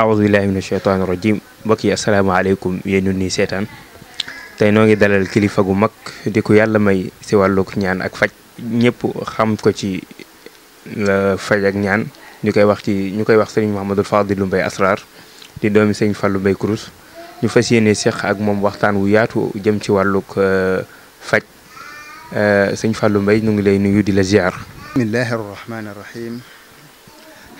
aoudubillahi mina sheytaani rajim mbokk yi asalaamaaleykum yéen ñu nii seetaan tey noo ngi dalal kilifa gu mag di ko yàlla may si wàlluk ñaan ak faj ñëpp xam ko ci faj ak ñaan ñu koy wax ci ñu koy wax sëriñ Mouhamadou lu mbay Asrar di doomi sëriñ fàllu mbay Kurus ñu fas yéene seq ak moom waxtaan wu yaatu jëm ci wàlluk euh, faj euh, sëñ Fallou Mbaye ñu ngi lay nuyu di la ziar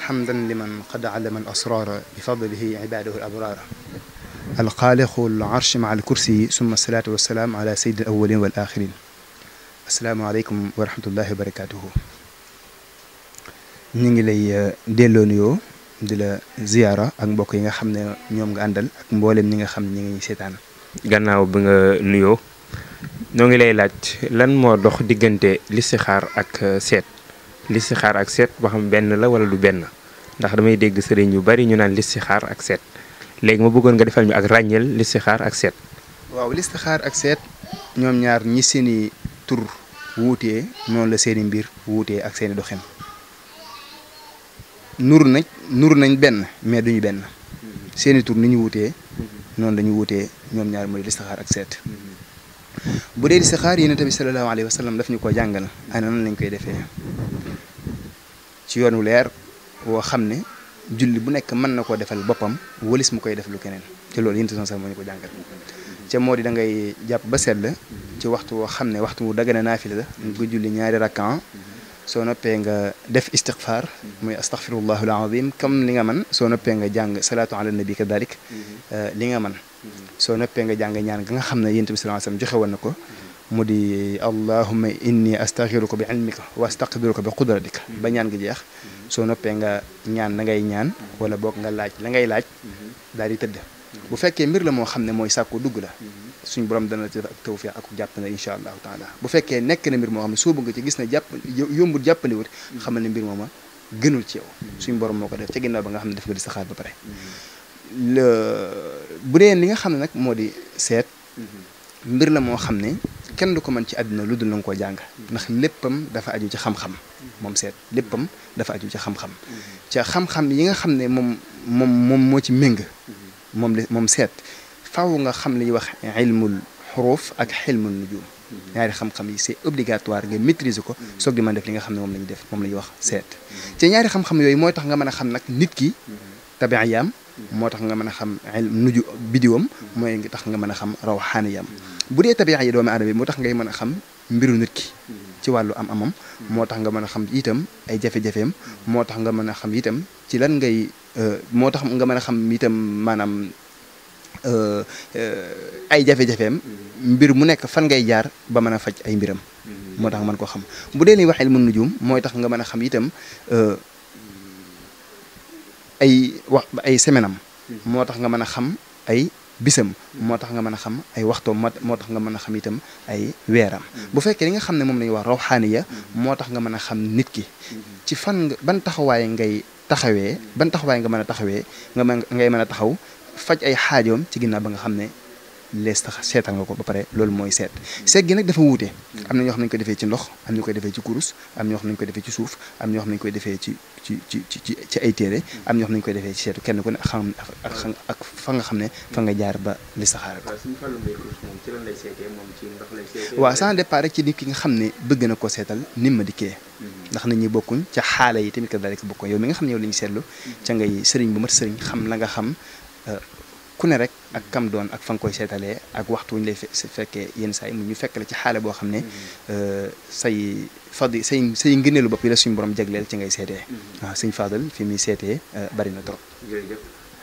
xamdan liman qad alama al asrara bi fadlihi ibadahu al abrara alxaaliqu al arsh ma al kursi summa asalaatu wasalaam ala sayidi al awalin wal axirin asalaamaaleykum wa rahmatullahi wa barakatuhu ñu ngi lay euh, delloo nuyoo di la ziyaara ak mbokk yi nga xam ne ñoom nga àndal ak mbooleem ñi nga xam ne ñi ngi seetaan gannaaw bi nga nuyoo ñoo ngi lay laaj lan moo dox diggante listixaar ak euh, seet listixaar ak seet ba xam benn la wala du benn ndax damay dégg sëriñ yu bari ñu naan listixaar ak seet léegi ma bëggoon nga defal ñu ak ràññeel listixaar ak seet. waaw listixaar ak seet ñoom ñaar ñi seeni tur wuutee noonu la seeni mbir wuutee ak seeni doxin nur nañ nur nañ benn mais duñu benn mm-hmm. seeni tur ni ñu wuutee mm-hmm. noonu dañu wuutee ñoom ñaar mooy listixaar ak seet. Mm-hmm. bu dee istixaar yonent bi sallallahu alayhi wa sallam daf ñu ko jàngal ana nan lañ koy defee yoonu leer woo xam ne julli bu nekk mën na koo defal boppam wëlis mu koy def lu keneen te loolu yonent bi sax moo ñu ko jàngal ca moo di da ngay jàpp ba sell ci waxtu woo xam ne waxtu wu dagana naafila la nga julli ñaari rakkan soo noppee nga def istighfar muy astaghfirullahu alazim comme li nga man soo noppee nga jàng salaatu ala nabi kadalik mm-hmm. euh, li nga man soo noppee nga jàng ñaan ga nga xam ne yonent bi sallallahu alayhi wasallam joxe woon na ko mu di allahumma inni astaghiruka bi ilmika wa ko bi qudratika ba ñaan gi jeex soo noppee nga ñaan la ngay ñaan wala boog nga laaj la ngay laaj daal di tëdd bu fekkee mbir la moo xam ne mooy sàkku dugg la suñ borom dana ci ak tawfiq ak jàpp na insha allahu taala bu fekkee nekk na mbir moo xam ne soobu nga ci gis ne jàpp yombul jàppandiwut xamal ne mbir a gënul ci yow suñ moo ko def ca ginnaaw ba nga xam ne def nga di saxaar ba pare bu dee li nga xam ne nag moo di seet mbir la moo xam ne kenn du ko mën ci àddina lu dul na nga koo jàng ndax léppam dafa aju ci xam-xam moom seet léppam dafa aju ci xam-xam ca xam-xam yi nga xam ne moom moom moom moo ci méng moom li moom seet faaw nga xam li ñuy wax ilmul xuruuf ak xilmul nujum ñaari xam-xam yi c'est obligatoire nga maîtriser ko soog di mën def li nga xam ne moom la ñuy def moom la ñuy wax seet ci ñaari xam-xam yooyu mooy tax nga mën a xam nag nit ki tabiayaam moo tax nga mën a xam nuju bidiwam mooy ngi tax nga mën a xam rawxaaniyam bu dee tabiax yi doomu aadama yi moo tax ngay mën a xam mbiru nit ki ci wàllu am amam moo tax nga mën a xam itam ay jafe-jafeem moo tax nga mën a xam itam ci lan ngay euh, moo tax nga mën a xam itam maanaam euh, euh, ay jafe mbir mu nekk fan ngay jaar ba mën a faj ay mbiram moo tax nga mën ko xam bu dee ni wax ilmu nujum mooy tax nga mën a xam itam ay wax ay semaine mhm. moo tax nga mën a xam ay bisam moo tax nga mën a xam ay waxtoom moo tax nga mën a xam itam ay weeram mhm. bu fekkee li nga xam ne moom lañuy wax ya mhm. moo tax nga mën a xam nit ki ci fan ban taxawaay ngay taxawee ban taxawaay nga mën a taxawee nga mën ngay mën a taxaw faj ay xaajoom ci ginnaaw ba nga xam ne lees tax seetal nga ko ba pare loolu mooy seet seet gi nag dafa wute am na ñoo xam nañu ko defee ci ndox am ñu koy defee ci kurus am ñoo xam nañu koy defee ci suuf am ñoo xam nañu koy defee ci ci ci ay téere am ñoo xam nañu koy defee ci seetu kenn ku ne ak xam ak ak fa nga xam ne fa nga jaar ba saxaar ko waaw sans départ rek ci nit ki nga xam ne bëgg na ko seetal ni ma dikkee mm-hmm. ndax nit ñi bokkuñ ca xaala yi tamit ka daal di ko bokkuñ yow mi nga xam ne yow la ñu seetlu mm-hmm. ca ngay sëriñ bu mat sëriñ xam la nga xam euh, ku ne rek ak kam doon ak fa nga koy seetalee ak waxtu wu ñu lay fekkee yenn saa yi mu ñu fekk la ci xaale boo xam ne mm-hmm. euh, say fadi say say ngëneelu bopp yi la suñu borom jagleel ci ngay seetee mm-hmm. suñ Fadal fi muy seetee euh, bari na trop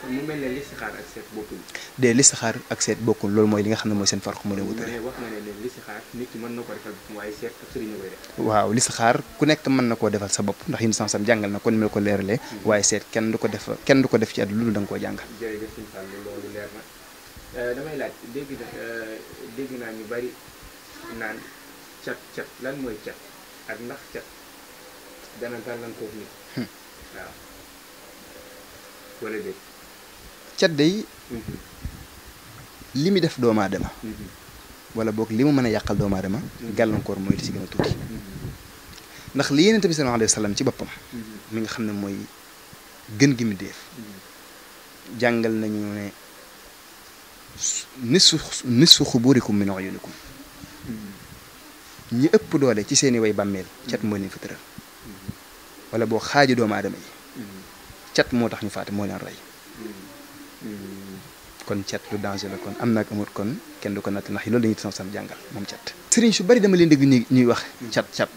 mu mel ne listixaar ak seet bokkul. de listixaar ak seet bokkul loolu mooy li nga xam ne mooy seen farq mu leen wutale. wax nga ne listixaar nit ki mën na ko waaye seet ak sëriñ ku nekk mën na koo defal sa bopp ndax yéen sam jàngal na kon ni ko leeralee. Mm-hmm. waaye seet kenn du ko def kenn du ko def ci at lu dul da koo jàngal. jërëjëf sëñ Eh, damay laaj dégg na eh, naa ñu bari naan cat cat lan mooy cat ak ndax cat dana gàllankoor nit hmm. waaw wala déet cat day mhm. li mu def doomu aadama mhm. wala boog li mu mën a yàqal doomu aadama mhm. gàllankoor mooy li si gën a tuuti ndax li Yonent bi sallallahu alayhi wa ci boppam mi nga xam ne mooy gën gi mu def jàngal nañu ne nisfu nisfu xuburikum min uyunikum ñi ëpp doole ci seeni way bàmmeel cat moo leen fa tëral wala boo xaaji doomu adama yi cat moo tax ñu faate moo leen rey kon cat lu danger la kon am naak amut kon kenn du ko natt ndax yi loolu dañuy sam sam jàngal moom cat sëriñ su bari dama leen dégg ñuy ñuy wax cat cat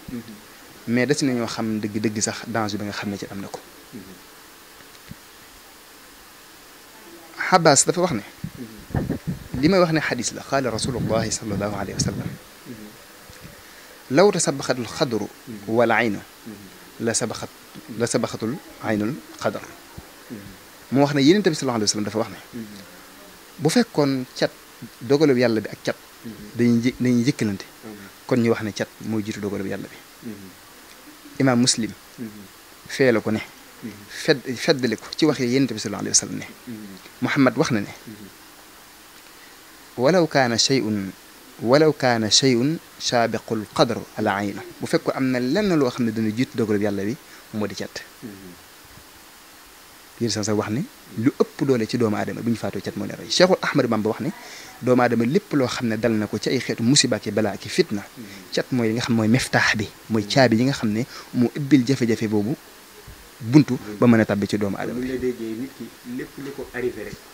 mais des na ñoo xam dëgg dëgg sax danger bi nga xam ne ci am na ko xabaas dafa wax ne li may wax ne xadis la qaala rasulullahi sallallahu alayhi wa sallam law tasabaxatul xadru wala aynu la sabaxat la sabaxatul aynul xadar moo wax ne yonent bi sallallahu alayhi wa dafa wax ne bu fekkoon cat dogalu yàlla bi ak cat dañuy jë dañuy jëkkalante kon ñu wax ne cat mooy jiitu dogalu yàlla bi imaam muslim fee ko ne fedd feddale ko ci waxi yonent bi sallallahu alayhi wa ne muhammad wax na ne wala kaana shay'un walaw kaana shay'un saabiqul qadr al ayna bu fekk am na lenn loo xam ne dana jiitu dogalub yàlla bi moo di cat yéen sax wax ni lu ëpp doole ci doomu aadama bu ñu faatoo cat moo leen rey Cheikhul Ahmad Bamba wax ne doomu aadama lépp loo xam ne dal na ko ci ay xeetu musiba ki balaa ki fitna cat mooy li nga xam mooy meftaax bi mooy caabi yi nga xam ne moo ubbil jafe-jafe boobu buntu ba mën a tabbi ci doomu aadama bi. nit ki lépp li ko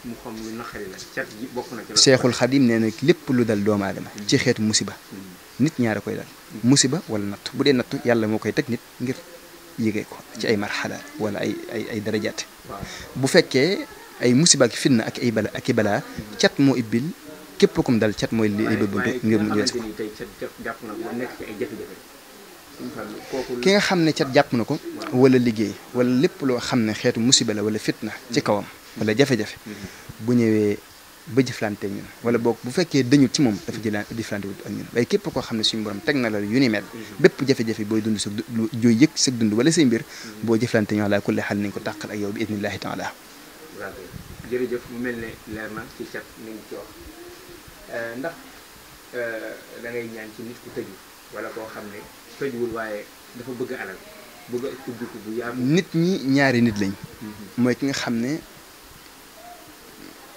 mu xam lu naqari la cat bokk na ci. Seexul Xadim nee na lépp lu dal doomu adama ci xeetu musiba mm. nit ñaara koy dal musiba wala natt bu dee natt yàlla moo koy teg nit ngir yëgee ko ci ay marxala wala ay ay ay darajaate bu fekkee ay musiba ak fitna ak ay bala ak i bala cat moo ibbil képp kum dal cat mooy li ay bëgg ngir mu ñëw si ko. ki nga xam ne cat jàpp na ko wala liggéey wala lépp loo xam ne xeetu musiba la wala fitna ci kawam wala jafe-jafe bu ñëwee ba jëflante ñun wala boog bu fekkee dañu ci moom dafa jëla jëflante wut ak ñun waaye képp koo xam ne suñu borom teg na la yu ni mel bépp booy dund sa jooy yëg sa dund wala say mbir boo jëflante laa kulli xal nañ ko tàqal ak yow bi idnillahi taala jërëjëf mu mel ne leer na ci ñu ci wax euh, ndax euh, da ngay ñaan ci nit ku tëju wala koo xam ne tëjuwul waaye dafa bëgg alal nit ñi ñaari nit lañ. Mm-hmm. mooy ki nga xam ne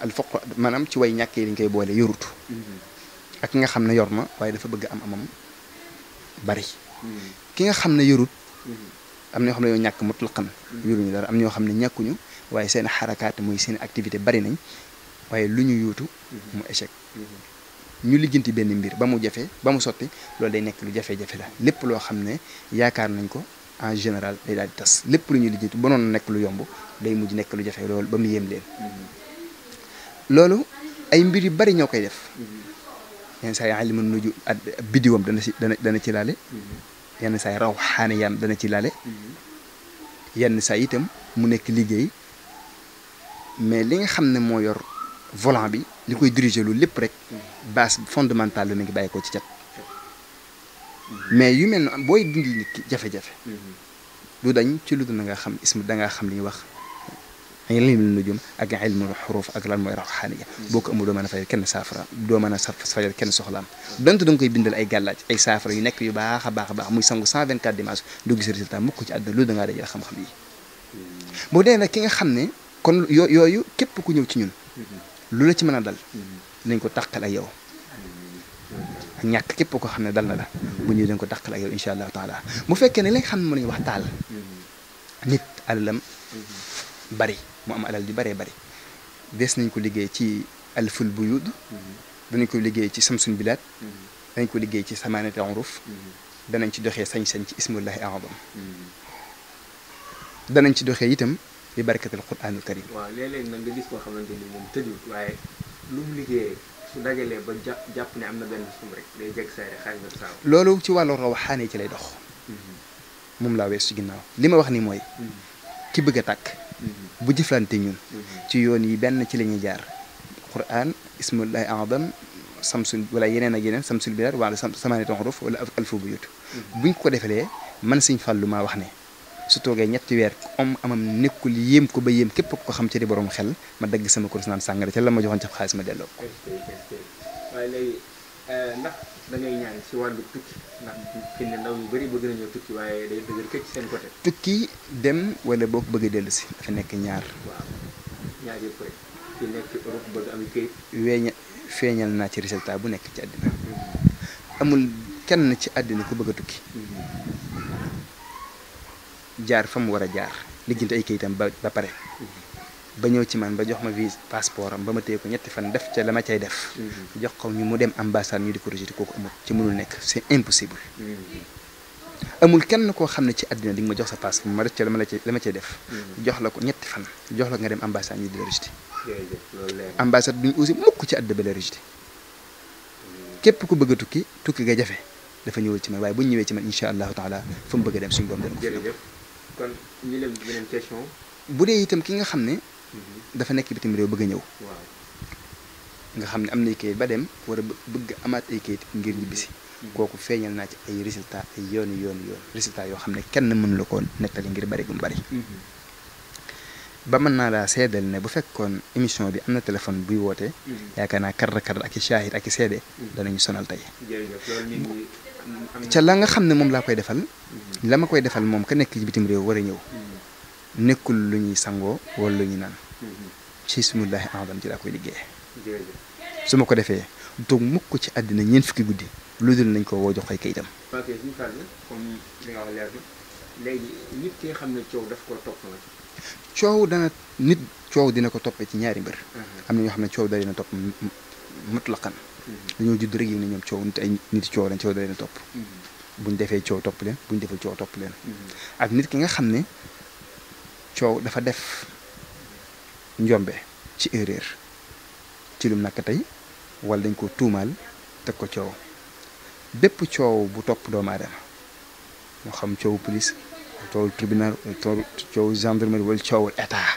al foq maanaam ci way ñàkk yi lañ koy boole yorut. Mm-hmm. ak ki nga xam ne yor ma waaye dafa bëgg am amam bari. Mm-hmm. ki nga xam ne yorut. am na ñoo xam ne yow ñàkk mutlaqan yoruñu dara am ñoo xam ne ñàkkuñu waaye seen xarakaat mooy seen activité bari nañ waaye lu ñu yóotu mu échec. ñu lijjanti benn mbir ba mu jafe ba mu sotti loolu day nekk lu jafe-jafe la lépp loo xam ne yaakaar nañ ko en général day daal tas lépp lu ñuy lijjanti ba noonu nekk lu yomb day mujj nekk lu jafe loolu ba mu yéem ay mbir yu bari ñoo koy def yenn saa yi alimu nuju ak dana ci dana dana ci laale yenn saa raw xaane yam dana ci laale yenn itam mu nekk liggéey mais li nga xam ne moo yor volant bi li koy diriger loolu lépp rek base fondamentale la mi ngi bàyyi ko ci cat mais yu mel ne booy dindi nit ki jafe-jafe du dañ ci lu dul nga xam ismu da ngaa xam li ñuy wax ilmul nujum ak ilmul xuruf ak lan mooy rawxaaniya boo ko amul doo mën a fayal kenn saafara doo mën a fayal kenn soxlaam donte da nga koy bindal ay gàllaaj ay saafara yu nekk yu baax a baax a baax muy sangu 124 dimanche doo gis résultat mukk ci àdduna loolu da ngaa dajale xam-xam yi boo dee nag ki nga xam ne kon yooyu képp ku ñëw ci ñun lu la ci mën a dal nañ ko taqal ak yow ñàkk képp ko xam ne dal na la bu ñuy dañ ko tàqal ak yow incha allahu taala bu fekkee ne li nga xam ne mën nañu wax taal nit alalam bari mu am alal yu baree bari des nañ ko liggéey ci bu buyud danañ ko liggéey ci samsun bilaat danañ ko liggéey ci samaanati uruf danañ ci doxee sañ-sañ ci ismullahi aadam danañ ci doxee itam bi barakatil quraanul karim waaw léeg-léeg nag nga gis koo xamante ni moom tëjul waaye lu mu liggéeyee su dajalee ba jàpp ne am na benn rek day jeg loolu ci wàllu rawaxaane ci lay dox mm-hmm. moom laa weesu ginnaaw li ma wax ni mooy mm-hmm. ki bëgg a takk mm-hmm. bu jëflante ñun ci yoon yi benn ci la ñuy jaar quraan ismullahi adam samsul wala yeneen ak yeneen samsul bilaad wala samaaniyatu huruf wala alfu buyut buñ ko defalee man sëñ Fallu maa wax ne su toogee ñetti weer om amam nekkul yéem ko ba yéem képp ko xam ci di borom xel ma dagg sama kurus naan sàngara ca la ma joxoon ca xaalis ma delloo ko. waaye léegi euh, ci wàllu tukki ndax fi bëgg nañoo tukki waaye day dëgër dem wala boo ko bëggee dellu si dafa nekk ñaar. waaw weeña feeñal naa ci résultat bu nekk ci àddina hmm. amul kenn ci àddina ku bëgg tukki. Hmm. jaar fa mu war a jaar lijjanti ay kayitam ba ba pare mm-hmm. ba ñëw ci man ba jox ma visa passeport am ba ma téye ko ñetti fan def ca la ma cay def mm-hmm. jox ko ñu mu dem ambassade ñu di ko rejeté kooku amul ci mënul nekk c'est impossible mm-hmm. amul kenn koo xam ne ci àddina di nga ma jox sa passeport ma def la ma la cay la ma def jox la ko ñetti fan jox la nga dem ambassade ñu di la rejeté ambassade duñu aussi mukk ci àddina ba la rejeté képp ku bëgg a tukki tukki nga jafe dafa ñëwul ci man waaye bu ñu ñëwee ci man incha allahu taala fu mu bëgg a dem suñu borom dana ko kon ñu dem bu dee itam ki nga xam ne. Mhm. dafa nekk bitim réew bëgg a ñëw. nga xam ne am na kayit ba dem war a bëgg amaat ay kayit ngir ñibbisi. Mhm. kooku feeñal naa ci ay résultat ay yoon yoon résultat yoo xam ne kenn mënu la ko nettali ngir bari gum bari. Mhm. ba mën naa laa seedal ne bu fekkoon émission bi am na téléphone buy woote. yaakaar naa kar kar ak i shaahid ak i seede. danañu sonal tey. ca la nga xam ne moom laa koy defal la ma koy defal moom ka nekk ci bitim réew war a ñëw nekkul lu ñuy sangoo wala lu ñuy naan ci bismillaahi ci laa koy ma ko defee toog mukk ci àddina ñeent fukki guddi lu dul nañ ko woo jox ay kayitam léegi nit ki nga xam ne coow daf koo topp dana nit coow dina ko toppee ci ñaari mbir. Uh-huh. am na ñoo xam ne coow da dina topp mutlaqan dañoo judd rek yëg ñoom coow nit ay nit coow lañ coow da leen topp mm-hmm. buñ defee coow topp leen buñ defee coow topp leen mm-hmm. ak nit ki nga xam ne coow dafa def njombe ci erreur ci lum naka tey wala dañ ko tuumaal teg ko coow bépp coow bu topp doomu aadama moo xam coow police coow tribunal coow gendarmerie wala coowul état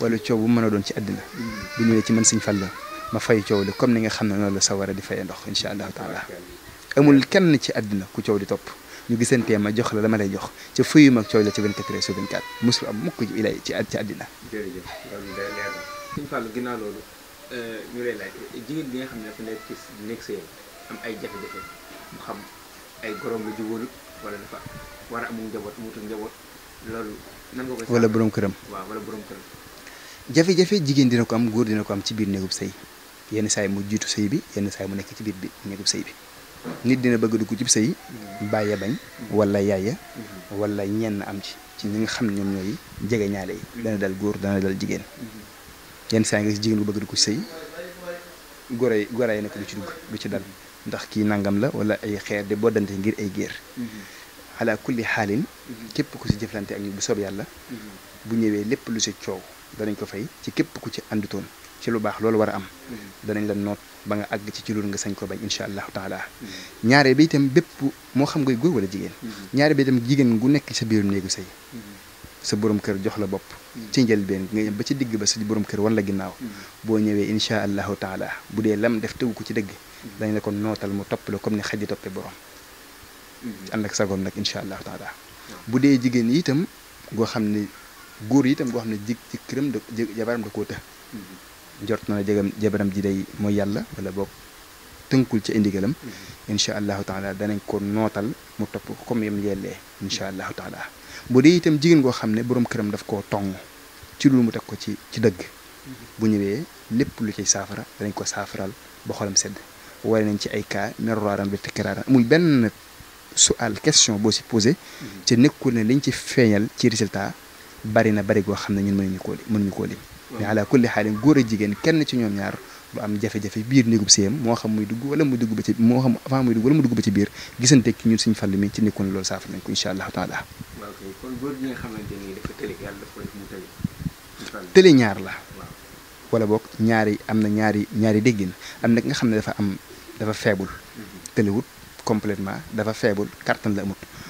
wala coow bu mën a doon ci àddina mm-hmm. bu ñëwee ci man siñ Sëñ Fallu ma fay coow li comme ni nga xam ne noonu la sawara di fay ndox incha allahu taala amul kenn ci àddina ku coow di topp ñu gisantee ma jox la dama lay jox ca fuyu mag coow la ci 24 heures sur 24 musul am mukk ilay ci ci àddina. jërëjëf loolu day ginnaaw loolu euh, ñu lay laaj jigéen bi nga xam nekk ci am ay jafe-jafe mu xam wala a amul njaboot mutul njaboot loolu nan nga wala borom këram waaw wala borom këram. jafe-jafe jigéen dina ko am góor dina ko am ci biir néegub sëy yenn saay mu jiitu sëy bi yenn saay mu nekk ci biir bi nekku sëy bi nit dina bëgg ko ci sëy bàyye bañ walla yaaya walla ñenn am ci ci ñi nga xam ne ñoom ñooy jege ñaale yi dana dal góor dana dal jigéen yenn saa nga si jigéen bu bëgg dugg ci sëy góor yi góor yi nekk du ci dugg du ci dal ndax kii nangam la wala ay xeer de boddante ngir ay géer ala kulli xaalin képp ku ci jëflante ak ñu bu soob yàlla bu ñëwee lépp lu si coow danañ ko fay ci képp ku ci àndutoon ci lu baax loolu war a am mm-hmm. danañ la noot ba nga àgg ci ci loolu nga sañ ko bañ incha allahu taala mm-hmm. ñaare bi itam bépp moo xam ngay góor wala jigéen mm-hmm. ñaare bi itam jigéen gu nekk sa biirum néegu sëy sa borom kër jox la bopp ci njëlbeen nga ñëw ba ci digg ba sa borom kër wan ginnaaw boo ñëwee incha allahu taala bu dee lam def ko ci dëgg dañ la ko nootal mu topp la comme ni xaj di toppee borom ànd ak sagoom nag incha allahu taala bu dee jigéen yi itam goo xam ne góor yi itam goo xam ne jig da jabaram da koo të njort na jëgam jabaram ji day mooy yàlla wala boog tënkul ci indigalam mm-hmm. incha allahu taala danañ ko nootal mu topp comme yam yellee incha allahu taala bu dee itam jigéen goo xam ne boroom këram daf koo tong ci lu mu teg ko ci ci dëgg mm-hmm. bu ñëwee lépp lu ci saafara danañ ko saafaral ba xolam sedd ware nañ ci ay cas meroraaram bi tekraaram amul benn sual question boo si posé mm-hmm. ci nekkul ne liñ ci feeñal ci résultat bari na bari goo xam ne ñun mënuñu koo lim mënuñu koo lim mais ala kulli xaalin góor a jigéen kenn ci ñoom ñaar du am jafe-jafe biir néegub séyam moo xam muy dugg wala muy dugg ba ci moo xam avant muy dugg wala mu dugg ba ci biir gisante ki ñun suñu fàll mi ci nekkoon loolu saafara nañ ko incha allahu taala waaw kay kon góor gi nga xamante ni dafa yàlla dafa def ñaar la wala boog ñaari am na ñaari ñaari déggin am na nga xam ne dafa am dafa feebul mhm. tëlewut completement dafa faible kàttan la amut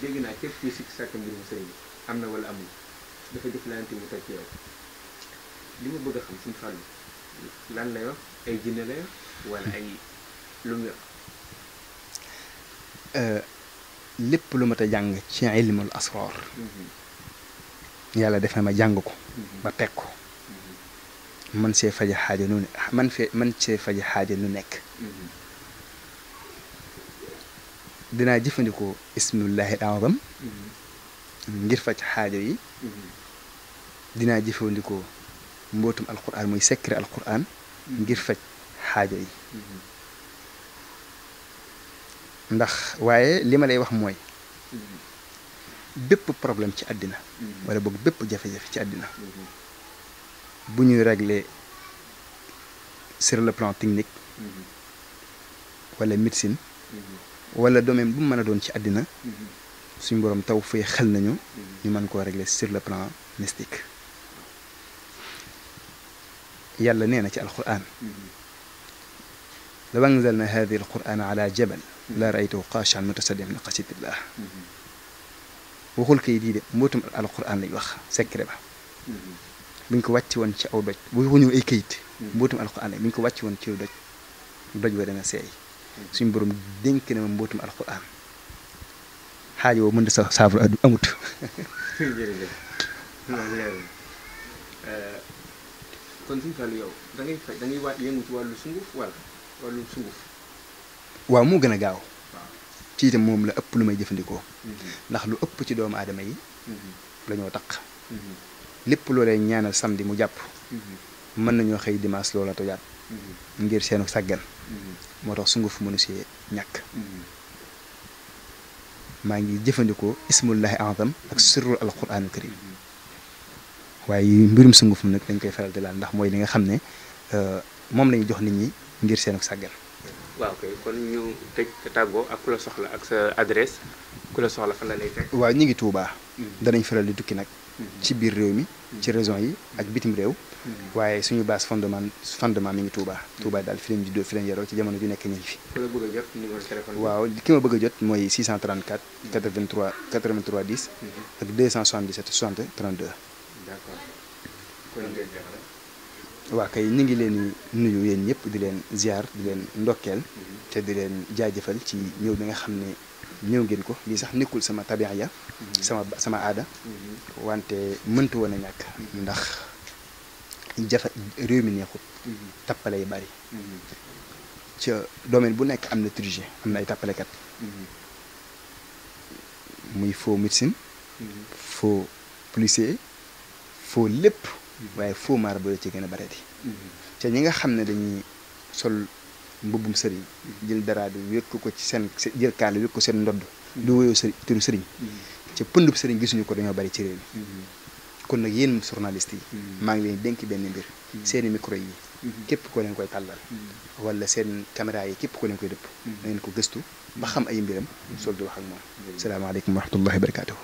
dégg naa képp kuy sikk sàkk mbirum sëy bi am na wala amul dafa jëflante mu toj yow li ma bëgg a xam suñu fàllu lan la yor ay jinne la yor wala ay lu mu euh, lépp lu mat a jàng ci ilmul asrar mm-hmm. yàlla def na ma jàng ko ba mm-hmm. teg ko mm-hmm. man see faja xaaja nu ne man man see faja xaaja nu nekk dinaa jëfandikoo ismullahi al mm-hmm. ngir faj xaajo yi mm-hmm. dinaa jëfandikoo mbootum alquran muy secret alquran mm-hmm. ngir faj xaajo yi ndax waaye li ma lay wax mooy bépp problème ci àddina wala boog bépp jafe-jafe ci àddina bu ñuy régler sur le plan technique wala médecine wala domaine bu mu mën a doon ci àddina mm-hmm. suñu borom taw fee xel nañu ñu mën koo régler sur le plan mystique yàlla nee na ci alquran mm-hmm. law anzalna hadi alquran ala jabal la mm-hmm. raytahu xaashi'an mutasaddi'an min xasyatillah waxul kay dii de mbootum alquran lañ wax secret ba buñ ko wàcc woon ci aw doj bu ñëw ay kayit mbootum alquran lañ buñ ko wàcc woon ci doj doj wa dana seey suñ borom dénk na ma mbootum alquran xaajo woo mën na sa saafara addu amut. Euh, yow da wàllu sunguf wala wàllu sunguf. waaw moo gën a gaaw. ci itam moom la ëpp lu may jëfandikoo. Mhm. ndax lu ëpp ci doomu aadama yi. Mhm. lañoo ñoo taq. Mhm. lépp loo lay ñaanal samedi mu jàpp. mën nañoo xëy dimanche loola tojaat. ngir seenu sàggan mm-hmm. moo tax sunguf mënu si ñàkk mm-hmm. maa ngi jëfandikoo ismullahi azam ak mm-hmm. sirrul alquranul karim waaye mbirum sunguf nekk dañ koy faral di laal ndax mooy li nga xam ne euh, moom lañu jox nit ñi ngir seenu sàggan waaw kay kon ñu tëj tàggoo ak ku la soxla ak sa adresse ku la soxla fan la lay fekk waaw ñu ngi Tuubaa danañ faral di tukki nag ci biir réew mi ci raison yi ak bitim réew waaye suñu base fondement fondement mi ngi Touba Touba daal fi lañ juddoo fi lañ yaroo ci jamono ju nekk ñu ngi fi waaw ki ma bëgg a jot mooy 634 83 83 10 ak 277 60 32 d'accord waaw kay ñu ngi leen nuyu yéen ñëpp di leen ziar di leen ndokkeel mhm. te di leen jaajëfal ci ñëw bi nga xam ne ñëw ngeen ko lii sax nekkul sama tabiya ya mhm. sama sama aada mhm. wante mëntu woon a ñàkk mhm. ndax jafe réew mi neexut tappale yi bari ca domaine bu nekk am na triche am na ay tappalekat muy faux médecine faux policier faux lépp waaye faux marabout ci gën a bareeti ca ñi nga xam ne dañuy sol mbubbum sëriñ jël dara bi wékk ko ci seen jël kaala wékk ko seen ndodd du woyoo sëriñ turu sëriñ mm-hmm. ca pëndub sëriñ gisuñu ko dañoo bari ci réew mi mm-hmm. kon nag yéen journaliste yi mm-hmm. maa ngi leen dénk benn mbir seeni micro yi képp ko leen koy tàllal wala seen caméra yi képp ko leen koy dëpp na ko gëstu ba xam ay mbiram sol di wax ak moom salaamaaleykum wa rahmatullahi wa barakatuhu